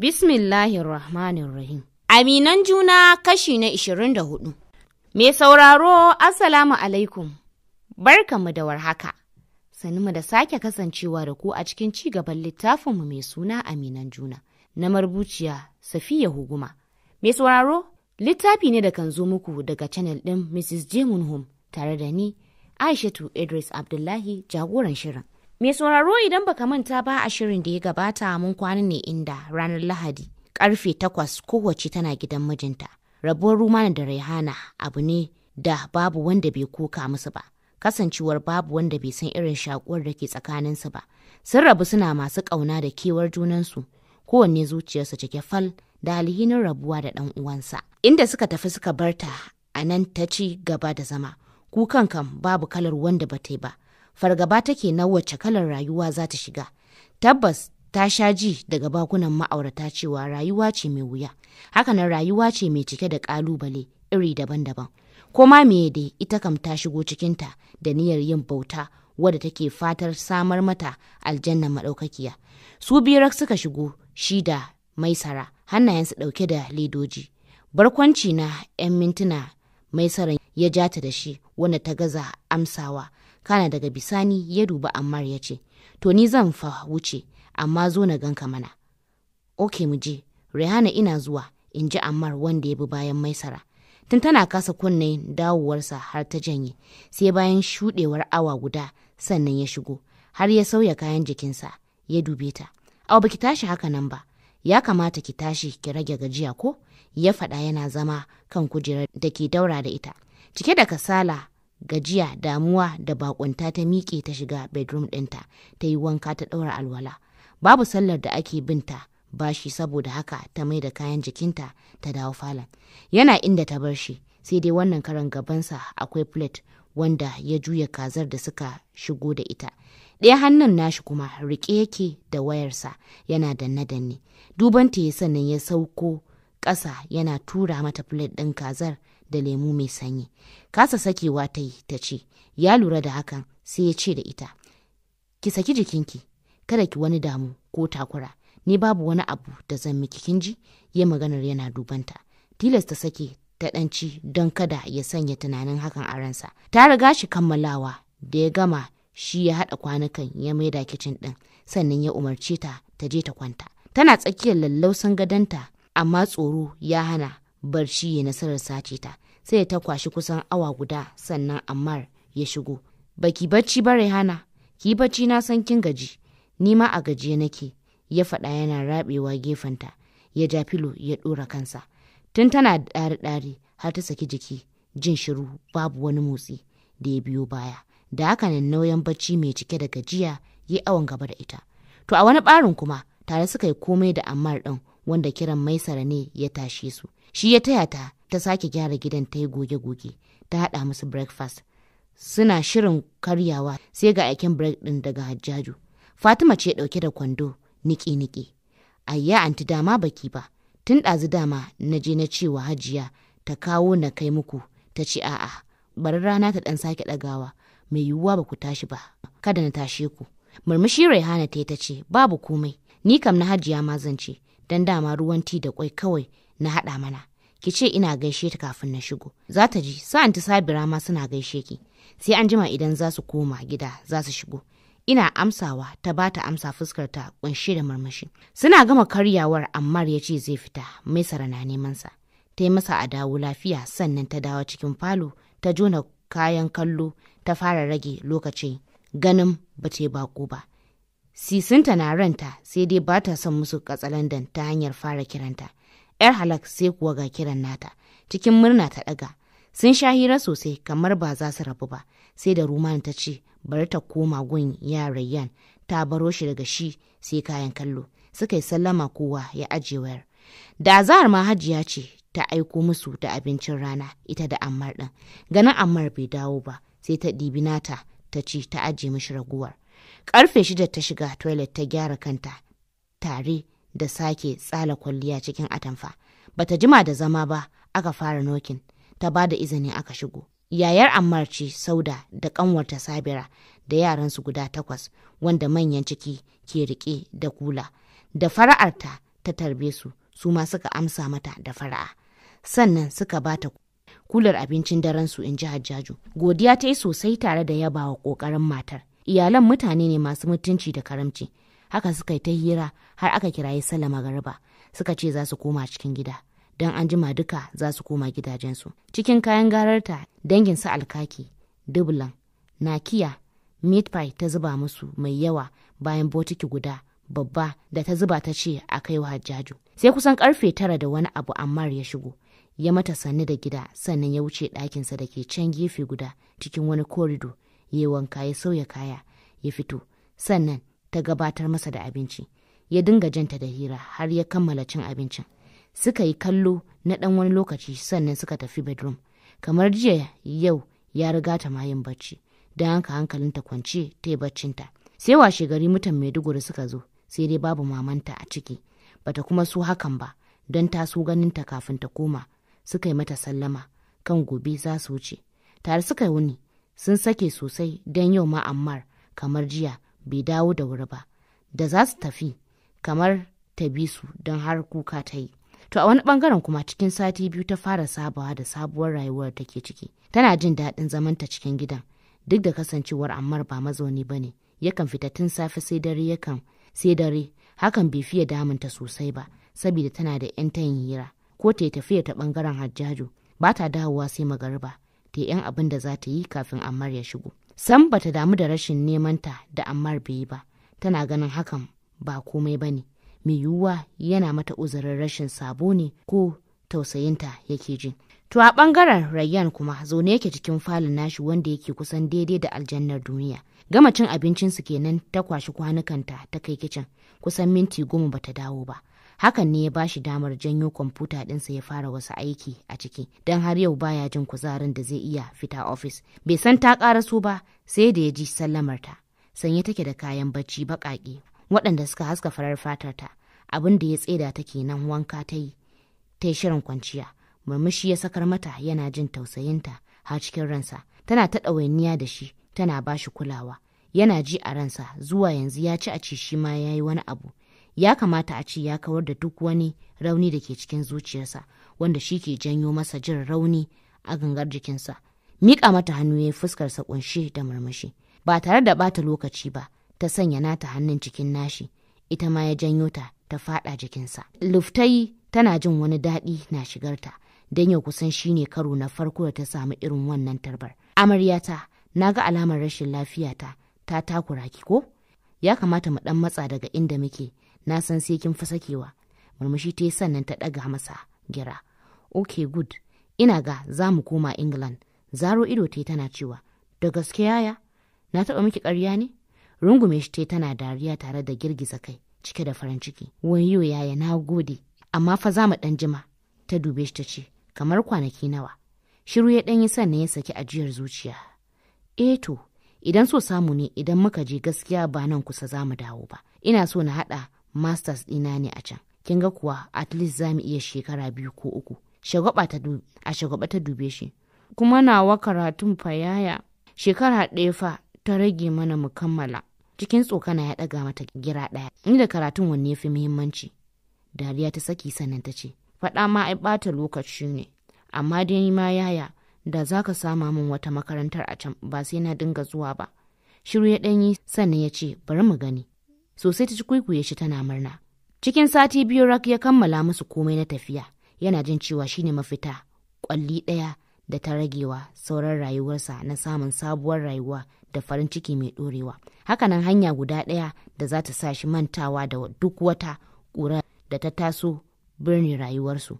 Bismillahir Rahmanir rahim. Aminan juna kashi na 24. Me sauraro, Assalamu alaikum. Barkanmu da warhaka. Sani mu da sake kasancewa da ku a cikin ci gaban littafinmu mai suna Aminan juna na marbuciya Safiya Huguma. Me sauraro, littafi ne da kan zo muku daga channel ɗin Mrs. Jemun Home tare da ni, Aishatu Idris Abdullahi jagoran shirin. Me sauraro idan baka manta ba a shirin da ya gabata mun kwana ne inda ranar Lahadi karfe takwas kowace tana gidan mijinta. Rabuwar Rumana da Raihana abu ne da babu wanda bai kuka musu ba. Kasancewar babu wanda bai san irin shakuwar da ke tsakaninsu ba. Sun rabu suna masu ƙauna da kewar junansu. Kowanne zuciyarsa cike fal da alhinin rabuwa da ɗan uwansa. Inda suka tafi suka barta a nan ta ci gaba da zama. Kukan kam babu kalar wanda ba ta yi ba. fargaba take na wacce kalar rayuwa za ta shiga tabbas ta sha ji daga bakunan ma'aurata cewa rayuwa ce mai wuya hakanan rayuwa ce mai cike da kalubale iri daban-daban ko ma me dai ita kam ta shigo cikinta da niyyar yin bauta wadda take fatar samar mata aljanna maɗaukakiya su biyar suka shigo shi da maisara hannayensu ɗauke da ledoji barkwanci na 'yan mintuna maisaran ya jata da shi wanda ta gaza amsawa kana daga bisani ya dubi ammar ya ce to ni zan fa wuce amma zo na ganka mana ok mu je rehana ina zuwa in ji ammar wanda ya bi bayan maisara tun tana kasa kunne dawowarsa har ta janye sai bayan shuɗewar awa guda sannan ya shigo har ya sauya kayan jikinsa ya dube ta au baki tashi haka nan ba ya kamata ki tashi ki rage gajiya ko ya faɗa yana zama kan kujerar da ke daura da ita cike da kasala gajiya damuwa da bakunta ta miƙe ta shiga bedroom ɗinta ta yi wanka ta ɗaura alwala babu sallar da ake binta bashi saboda haka ta mai da kayan jikinta ta dawo falon yana inda ta bar shi sai dai wannan karan gabansa akwai plate wanda ya juya kazar da suka shigo da ita ɗaya hannun nashi kuma riƙe yake da wayarsa yana danne-danne duban ta sannan ya sauko ƙasa yana tura mata plate ɗin kazar da lemu mai sanyi kasa sakewa ta yi ta ce ya lura da hakan sai ya ce da ita ki saki jikinki kada ki wani damu ko takura ni babu wani abu da zan miki kin ji ya maganar yana dubanta tilas ta sake ta ɗanci don kada ya sanya tunanin hakan a ransa ta riga shi kammalawa da ya gama shi ya haɗa kwanukan ya maida kicin ɗin sannan ya umarce ta ta je ta kwanta tana tsakiyar lallausan gadonta amma tsoro ya hana barci ya nasarar sace ta sai ta kwashi kusan awa guda sannan ammar ya shigo baki bacci ba hana ki bacci na san kin gaji ni ma a gajiye nake ya faɗa yana rabewa gefenta ya ja filo ya ɗora kansa tun tana ɗari-ɗari har ta saki jiki jin shiru babu wani motsi da ya biyo baya da haka nan nauyin bacci mai cike da gajiya ya awon gaba da ita to a wani ɓarin kuma tare suka yi komai da ammar ɗin wanda kiran maisara ne ya tashe su shi ya taya ta ta sake gyara gidan ta yi goge-goge ta haɗa musu breakfast suna shirin karyawa sai ga aikin break ɗin daga hajjaju fatima ce ɗauke da kwando niki-niki ayya anti dama baki ba tun ɗazu dama na je na cewa hajiya ta kawo na kai muku ta ce a'a bari rana ta ɗan sake ɗagawa mai yiwuwa ba ku tashi ba kada na tashe ku murmushi raihana ta ta ce babu komai ni kam na hajiya ma zan ce don dama ruwan ti da kwai kawai na haɗa mana ki ce ina gaishe ta kafin na shigo za ta ji sa'an ta sabira ma suna gaishe ki sai an jima idan za su koma gida za su shigo ina amsawa ta ba ta amsa fuskar ta kunshe da murmushi suna gama karyawar ammar ya ce zai fita mai na neman sa ta yi masa a dawo lafiya sannan ta dawo cikin falo ta jona kayan kallo ta fara rage lokacin ganin ba ta bako ba sisinta na ranta sai dai ba ta son musu katsalandan ta hanyar fara kiranta yar halak sai kuwa ga kiran nata cikin murna ta daga sun sha hira sosai kamar ba za su rabu ba sai da ruman ta ce bari ta koma gun ya yan ta baro shi daga shi sai kayan kallo suka yi sallama kowa ya ajiye wayar da azahar ma hajiya ce ta aiko musu da abincin rana ita da ammar din ganin ammar bai dawo ba sai ta ɗibi nata ta ce ta ajiye mishi raguwar Karfe shida ta shiga toilet ta gyara kanta tare da sake tsala kwalliya cikin atamfa. Bata jima da zama ba aka fara nokin ta ba da izini aka shigo. Yayar Ammarci Sauda da ƙanwarta Sabira da yaransu guda takwas wanda manyan ciki ke rike da kula da fara'arta ta tarbe su su ma suka amsa mata da fara'a sannan suka bata kular abincin daren su in ji hajjaju godiya ta yi sosai tare da yabawa ƙoƙarin matar iyalan mutane ne masu mutunci da karamci haka suka yi ta hira har aka kiraye salama magariba suka ce za su koma cikin gida don an jima duka za su koma gidajensu cikin kayan gararta dangin su alkaki dublin nakiya meat ta zuba musu mai yawa bayan botiki guda babba da ta zuba ta ce a kai wa sai kusan karfe tara da wani abu ammar ya shigo ya mata sannu da gida sannan ya wuce ɗakinsa da ke can gefe guda cikin wani korido ya wanka ya sauya kaya ya fito sannan ta gabatar masa da abinci ya dinga janta da hira har ya kammala cin abincin suka yi kallo na ɗan wani lokaci sannan suka tafi bedroom kamar jiya yau ya riga ta mayin bacci don haka ta kwance ta yi baccinta sai washe gari mutan maiduguri suka zo sai dai babu mamanta a ciki bata kuma so hakan ba don ta so ganinta kafin ta koma suka yi mata sallama kan gobe za su wuce tare suka yi wuni sun sake sosai don yau ma kamar jiya bai dawo da wuri ba da za su tafi kamar ta bi su don har kuka ta yi to a wani bangaren kuma cikin sati biyu ta fara sabawa da sabuwar rayuwar da ke ciki tana jin daɗin zamanta cikin gidan duk da kasancewar ammar ba mazauni ba ne yakan fita tun safe sai dare yakan sai dare hakan bai fiye damunta sosai ba saboda tana da 'yan tayin hira ko ta tafiya ta bangaren hajjaju ba ta dawowa sai magariba da yan abin da za ta yi kafin Ammar ya shigo. Sam ba ta damu da rashin nemanta da Ammar bai yi ba, tana ganin hakan ba komai ba ne. Mai yiwuwa yana mata uzurin rashin sabo ne ko tausayinta yake jin. To a ɓangaren Rayyan kuma zaune yake cikin falin nashi wanda yake kusan daidai da aljannar duniya. Gama cin abincinsu kenan ta kwashi kwanukanta ta kai kicin kusan minti goma bata dawo ba. hakan ne ya ba shi damar janyo kwamfuta ɗinsa ya fara wasu aiki a ciki don har yau baya jin kuzarin da zai iya fita ofis bai san ta ƙaraso ba sai da ya ji sallamarta sanye take da kayan bacci baƙaƙe waɗanda suka haska farar fatarta abin da ya tseda ta kenan wanka ta yi ta shirin kwanciya murmushi ya sakar mata yana jin tausayinta har cikin ransa tana ta ɗawainiya da shi tana ba shi kulawa yana ji a ransa zuwa yanzu ya ci a ci shi ma ya yi wani abu ya kamata a ce ya kawar da duk wani rauni da ke cikin zuciyarsa wanda shi ke janyo masa jin rauni a gangar jikinsa miƙa mata hannu ya fuskarsa ƙunshe da murmushi ba tare da bata lokaci ba ta sanya nata hannun cikin nashi ita ma ya janyo ta ta faɗa jikinsa luftai tana jin wani daɗi na shigarta don yau kusan shine karo na farko da ta samu irin wannan tarbar amaryata na ga alamar rashin lafiyata ta takura ki ko ya kamata mu dan matsa daga inda muke na san sai kin fi sakewa murmushi ta yi sannan ta daga masa gira ok good ina ga za mu koma england zaro ido ta tana cewa da gaske yaya na taba miki karya ne rungume shi ta tana dariya tare da girgiza kai cike da farin ciki wayo yaya na gode amma fa za mu dan jima ta dube shi ta ce kamar kwanaki nawa shiru ya dan yi sannan ya saki ajiyar zuciya eh to idan so samu ne idan muka je gaskiya ba nan kusa za mu dawo ba ina so na haɗa masters ɗina ne a can kin ga kuwa at least za mu iya shekara biyu ko uku shagwaba ta a shagwaba ta dube shi kuma nawa karatun fayaya shekara ɗaya fa ta rage mana mu kammala cikin tsokana ya ɗaga mata gira ɗaya da karatun wanne ya fi muhimmanci dariya ta saki sannan ta ce faɗa ma ai ɓata lokaci ne amma dai ma yaya da za ka sama min wata makarantar a can ba sai na dinga zuwa ba shiru ya ɗanyi sannan ya ce bari mu gani sosai ta ci kwaikwaye shi tana murna cikin sati biyu rak ya kammala musu komai na tafiya yana jin cewa shine mafita kwalli ɗaya da ta ragewa sauran rayuwarsa na samun sabuwar rayuwa da farin ciki mai ɗorewa hakanan hanya guda ɗaya da za ta sa shi mantawa da duk wata ƙura da ta taso birnin rayuwarsu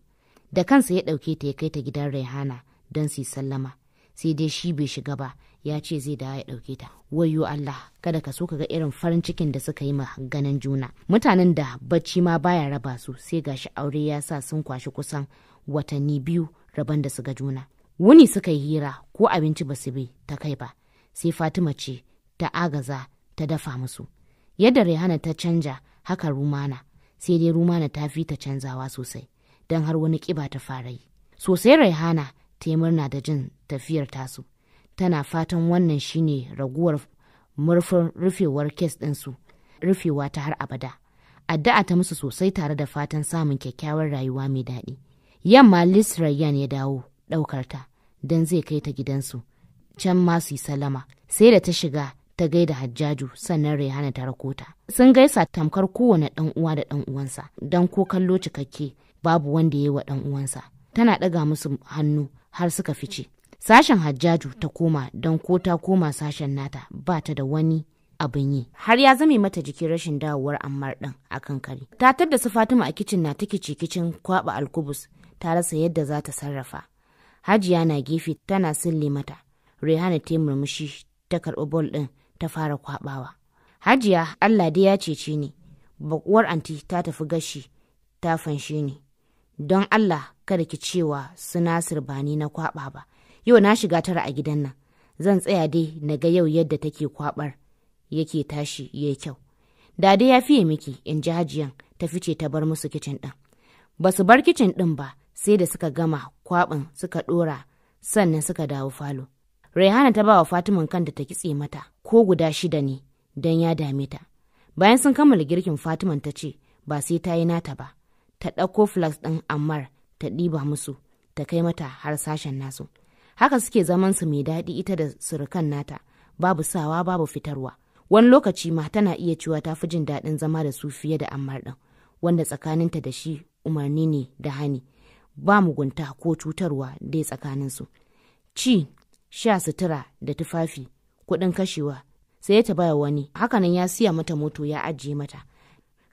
da kansa ya ɗauke ta ya kai ta gidan raihana don su sallama sai dai shi bai shiga ba ya ce zai dawo ya ɗauke ta wayo Allah kada ka so ka ga irin farin cikin da suka yi ma ganin juna mutanen da bacci ma baya raba su sai gashi aure ya sa sun kwashi kusan watanni biyu rabon da su ga juna wuni suka yi hira ko abinci ba su bi ta kai ba sai Fatima ce ta agaza ta dafa musu yadda Rehana ta canja haka Rumana sai dai Rumana ta fi ta canzawa sosai don har wani kiba ta fara yi sosai Rehana ta yi da jin tafiyar tasu tana fatan wannan shine raguwar murfin rufewar kes ɗinsu rufewa ta har abada addu'a ta musu sosai tare da fatan samun kyakkyawar rayuwa mai daɗi yamma lis rayyan ya dawo ɗaukar ta don zai kai ta gidansu can ma su yi salama sai da ta shiga ta gaida hajjaju sannan rehana ta rakota sun gaisa tamkar kowane ɗan uwa da ɗan uwansa don ko kallo cikakke babu wanda ya yi wa ɗan uwansa tana ɗaga musu hannu har suka fice sashen hajjaju ta koma don ko ta koma sashen nata ba ta da wani abin yi har ya zame mata jikin rashin dawowar ammar ɗin akan kare Ta taddasa su fatima a kicin na ta ke kicin kwaɓa alkubus ta rasa yadda za ta sarrafa hajiya na gefe tana sille mata rehana ta murmushi ta karɓi bol ɗin ta fara kwaɓawa. hajiya allah dai ya cece ni bakuwar anti ta tafi gashi ta fanshe ni don Allah kada ki cewa su Nasir ba ni na kwaɓa ba. Yau na shiga tara a gidan nan, zan tsaya dai na ga yau yadda take kwaɓar yake tashi ya kyau. Da ya fiye miki in ji hajiyan ta fice ta bar musu kicin ɗin. Ba su bar kicin ɗin ba sai da suka gama kwaɓin suka ɗora sannan suka dawo falo. Raihana ta ba wa Fatiman kanta ta kitse mata ko guda shida ne don ya dame ta. Bayan sun kammala girkin Fatima ta ce ba sai ta yi nata ba. ta ɗauko flax ɗin ammar ta ɗiba musu ta kai mata har sashen nasu haka suke zaman su mai daɗi ita da surukan nata babu sawa babu fitarwa wani lokaci ma tana iya cewa ta fi jin daɗin zama da su fiye da ammar ɗin wanda tsakaninta da shi umarni ne da hani ba mugunta ko cutarwa dai tsakaninsu ci sha sutura da tufafi kuɗin kashewa sai ta baya wani hakanan ya siya mata moto ya ajiye mata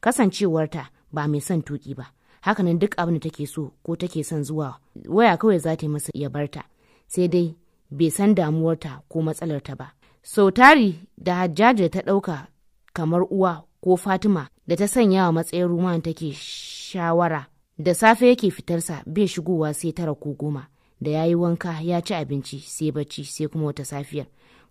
kasancewarta ba mai son tuki ba hakanan duk abin da take so ko take son zuwa waya kawai za ta masa ya barta sai dai bai san damuwarta ko matsalarta ba sau tari da hajjaja ta ɗauka kamar uwa ko fatima da ta sanya wa matsayin ruman take shawara da safe yake fitarsa bai shigowa sai tara ko goma da ya yi wanka ya ci abinci sai bacci sai kuma wata safiyar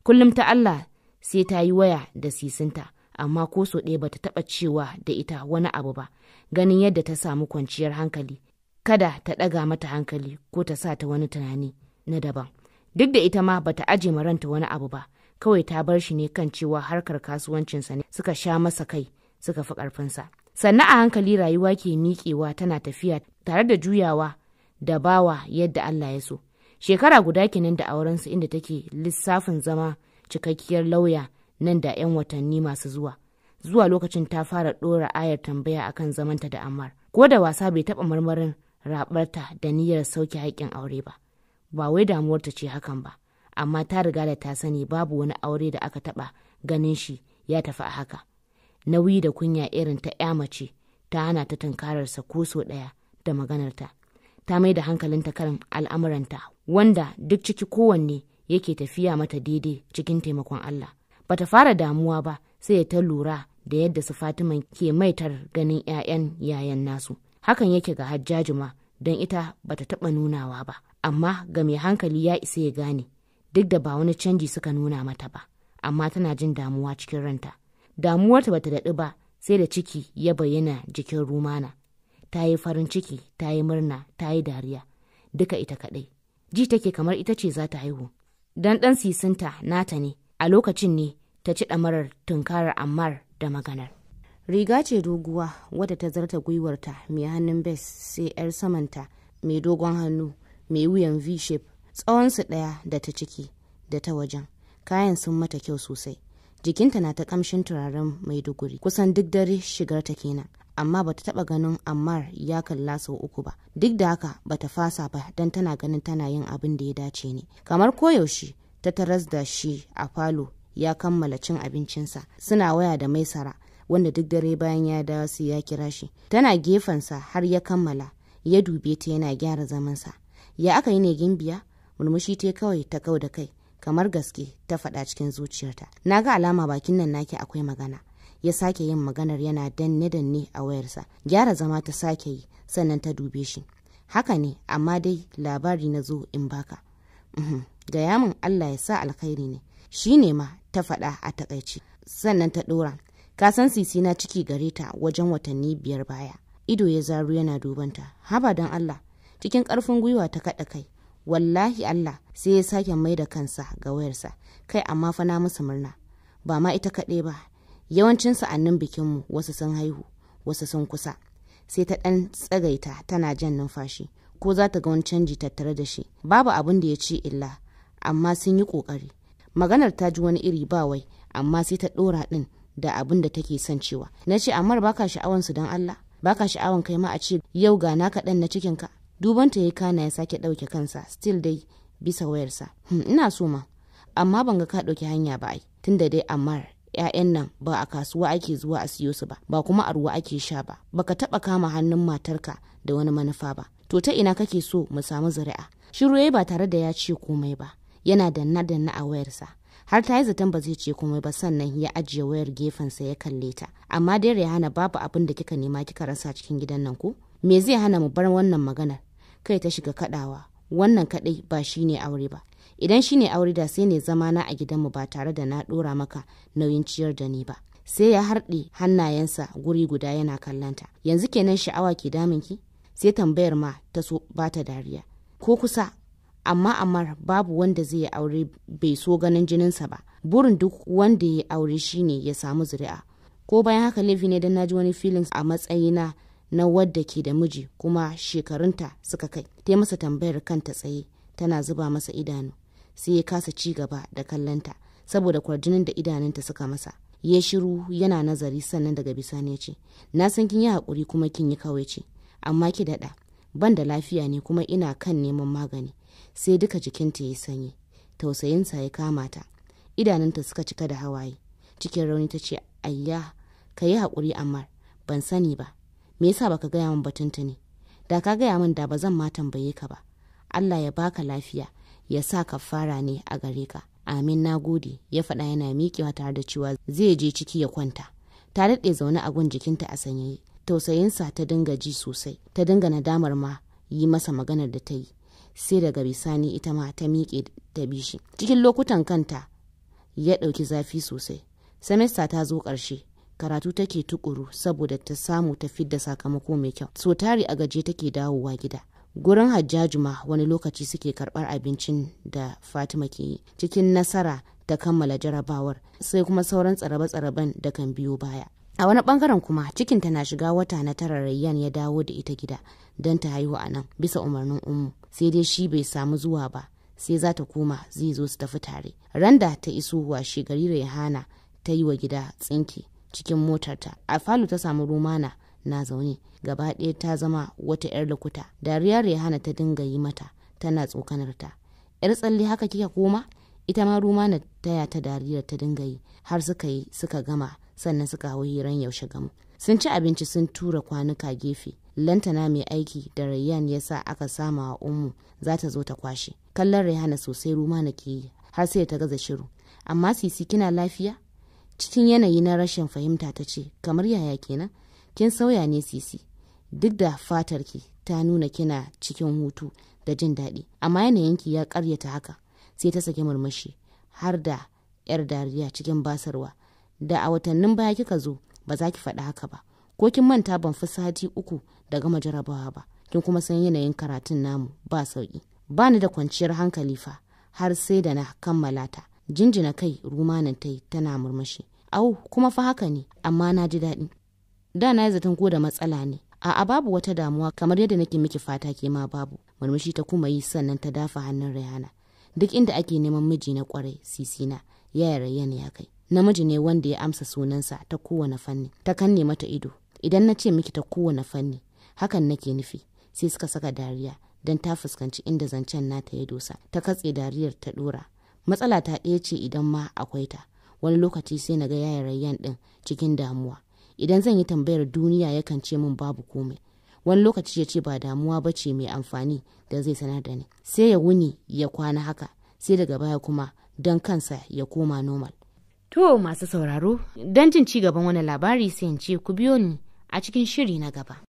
kullum ta allah sai ta yi waya da sisinta amma ko so ɗaya bata taɓa cewa da ita wani abu ba ganin yadda ta samu kwanciyar hankali kada ta ɗaga mata hankali ko ta sa ta wani tunani na daban duk da ita ma bata aje ranta wani abu ba kawai ta bar shi ne kan cewa harkar kasuwancinsa ne suka sha masa kai suka fi ƙarfinsa sannan a hankali rayuwa ke miƙewa tana tafiya tare da juyawa da bawa yadda Allah ya so shekara guda kenan da aurensu inda take lissafin zama cikakkiyar lauya nan da 'yan watanni masu zuwa zuwa lokacin ta fara ɗora ayar tambaya akan zamanta da amar. ko da wasa bai taɓa marmarin rabarta da niyyar sauke haƙƙin aure ba ba wai damuwar ta ce hakan ba amma ta riga da ta sani babu wani aure da aka taɓa ganin shi ya tafi a haka nauyi da kunya irin ta 'ya mace ta hana ta tunkararsa ko so ɗaya da maganarta ta mai da hankalinta kan al'amuranta wanda duk ciki kowanne yake tafiya mata daidai cikin taimakon Allah. bata fara damuwa ba sai ta lura da yadda su Fatima ke maitar ganin 'ya'yan yayan nasu. Hakan yake ga Hajjaji ma don ita bata taɓa nunawa ba, amma ga mai hankali ya isa ya gane duk da ba wani canji suka nuna mata ba, amma tana jin damuwa cikin ranta. Damuwarta bata daɗi ba sai da ciki ya bayyana jikin rumana. Ta yi farin ciki, ta yi murna, ta yi dariya, duka ita kaɗai. Ji take kamar ita ce za ta haihu. Dan ɗan sisinta nata ne, a lokacin ne ta ci ɗamarar tunkarar ammar da maganar riga ce doguwa wadda ta zarta gwiwarta mai hannun bes sai 'yar samanta mai dogon hannu mai wuyan v-shape tsawonsu ɗaya da ta ciki da ta wajen kayan sun mata kyau sosai jikinta na ta kamshin turaren mai duguri kusan duk dare shigar ta kenan amma bata taba ganin ammar ya kalla sau uku ba duk da haka bata fasa ba don tana ganin tana yin abin da ya dace ne kamar koyaushe ta taras da shi a falo ya kammala cin abincinsa suna waya da maisara wanda duk dare bayan ya dawo sai ya kira shi tana gefensa har ya kammala ya dube ta yana gyara zamansa ya aka yi ne gimbiya murmushi ta kawai ta kau da kai kamar gaske ta faɗa cikin zuciyarta na ga alama bakin nan naki akwai magana ya sake yin maganar yana danne danne a wayarsa gyara zama ta sake yi sannan ta dube shi haka ne amma dai labari na zo in baka uhm. gaya min Allah ya sa alkhairi ne shi ne ma ta faɗa a takaici sannan ta ɗora ka san sisi na ciki gare ta wajen watanni biyar baya ido ya zaru yana dubanta haba don Allah cikin ƙarfin gwiwa ta kaɗa kai wallahi Allah sai ya sake mai da kansa ga wayarsa kai amma fa na musu murna ba ma ita kaɗai ba yawancin sa'annin bikinmu wasu sun haihu wasu sun kusa sai ta ɗan tsagaita tana jan numfashi ko za ta ga wani canji tattare da shi babu abin da ya ce illa amma sun yi kokari maganar ta ji wani iri ba wai amma sai ta ɗora din da abin da take son cewa na ce amma baka sha'awan su don Allah baka sha'awan kai ma a ce yau ga naka dan na cikin ka duban ta yayi kana ya sake ɗauke kansa still dai bisa wayarsa hmm, ina so ma amma ban ga ka ɗauki hanya ba ai tunda dai amma ‘ya'yan nan ba a kasuwa ake zuwa a siyo su ba ba kuma a ruwa ake sha ba baka taba kama hannun matarka da wani manufa ba to ta ina kake so mu samu zuri'a shiru ya ba tare da ya ce komai ba yana danna danna a wayarsa har ta yi zaton ba zai ce komai ba sannan ya ajiye wayar gefensa ya kalle ta amma dai hana babu abin da kika nema kika rasa cikin gidan nan ko me zai hana mu bar wannan maganar kai ta shiga kadawa wannan kadai ba shine aure ba idan shine aure da sai ne zama na a gidanmu ba tare da na dora maka nauyin ciyar da ni ba sai ya harɗe hannayensa guri guda yana kallanta yanzu kenan sha'awa ke daminki sai tambayar ma ta so ba ta dariya ko kusa amma amar babu wanda zai yi aure bai so ganin jininsa ba burin duk wanda ya aure shi ne ya samu zuri'a ko bayan haka laifi ne don ji wani filin a matsayina na wadda ke da miji kuma shekarunta suka kai ta masa tambayar kanta tsaye tana zuba masa idanu sai ya kasa ci gaba da kallanta saboda kwarjinin da idanunta suka masa ya shiru yana nazari sannan daga bisani ya ce na san kin yi hakuri kuma kin yi kawai ce amma ki daɗa ban da lafiya ne kuma ina kan neman magani sai duka jikinta ya sanyi tausayinsa ya kama ta idanunta suka cika da hawaye cikin rauni ta ce ayya ka yi haƙuri amma ban sani ba me yasa baka gaya min batunta ne da ka gaya min da ba zan ma tambaye ka ba allah ya baka lafiya ya sa ka fara ne a gare ka amin na gode ya faɗa yana miƙewa tare da cewa zai je ciki ya kwanta ta daɗe zaune a gun jikinta a sanyaye tausayinsa ta dinga ji sosai ta dinga nadamar ma yi masa maganar da ta yi sai daga bisani ita ma ta miƙe ta bishi cikin lokutan kanta ya ɗauki zafi sosai semesta ta zo ƙarshe karatu take tukuru saboda ta samu ta fidda sakamako mai kyau so tari a gaje take dawowa gida gurin Hajjajuma wani lokaci suke karɓar abincin da fatima ke yi cikin nasara ta kammala jarabawar sai kuma sauran tsarabe-tsaraben da kan biyo baya a wani bangaren kuma cikinta na shiga wata na tara rayyan ya dawo da ita gida don ta haihu a nan bisa umarnin ummu sai dai shi bai samu zuwa ba sai za ta koma zai zo su tafi tare randa ta iso washe gari rehana ta yi wa gida tsinki cikin motarta a falo ta samu rumana na zaune gaba ɗaya ta zama wata 'yar lokuta. dariya rehana ta dinga yi mata tana tsokanar ta 'yar tsalle haka kika koma ita ma rumana taya ta dariya ta dinga yi har suka yi suka gama sannan suka hau hiran yaushe gamu sun ci abinci sun tura kwanuka gefe lantana mai aiki da rayyan ya sa aka sama wa unmu za ta zo ta kwashe kallon rayhana sosai ruma na ke yi har sai ta gaza shiru amma sisi kina lafiya cikin yanayi na rashin fahimta ta ce kamar yaya kenan kin sauya ne sisi duk da fatar ki ta nuna kina cikin hutu da jin daɗi amma yanayinki ya karyata haka sai ta saki murmushi har da 'yar dariya cikin basarwa da a watannin baya kika zo ba za ki faɗi haka ba ko kin manta ban fi sati uku da gama jarabawa ba kin kuma san yanayin karatun namu ba sauki ba ni da kwanciyar hankali fa har sai da na kammala ta jinjina kai rumanin ta tana murmushi au kuma fa haka ne amma na ji daɗi da na yi zaton ko da matsala ne a'a babu wata damuwa kamar yadda nake miki fata ke ma babu murmushi ta kuma yi sannan ta dafa hannun rayana duk inda ake neman miji na kwarai sisina ya rayyana ya kai namiji ne wanda ya amsa sunansa ta kowane fanni ta kanne mata ido idan na ce miki ta kowane fanni hakan nake nufi sai suka saka dariya don ta fuskanci inda zancen nata ya dosa ta katse dariyar ta dora matsala ta ɗaya ce idan ma akwai ta wani lokaci sai na ga yaya rayan ɗin cikin damuwa idan zan yi tambayar duniya yakan ce min babu komai wani lokaci ya ce ba damuwa ba ce mai amfani da zai sanar da ni sai ya wuni ya kwana haka sai daga baya kuma don kansa ya koma normal to masu sauraro don jin ci gaban wani labari sai in ce ku biyo ni a cikin shiri na gaba.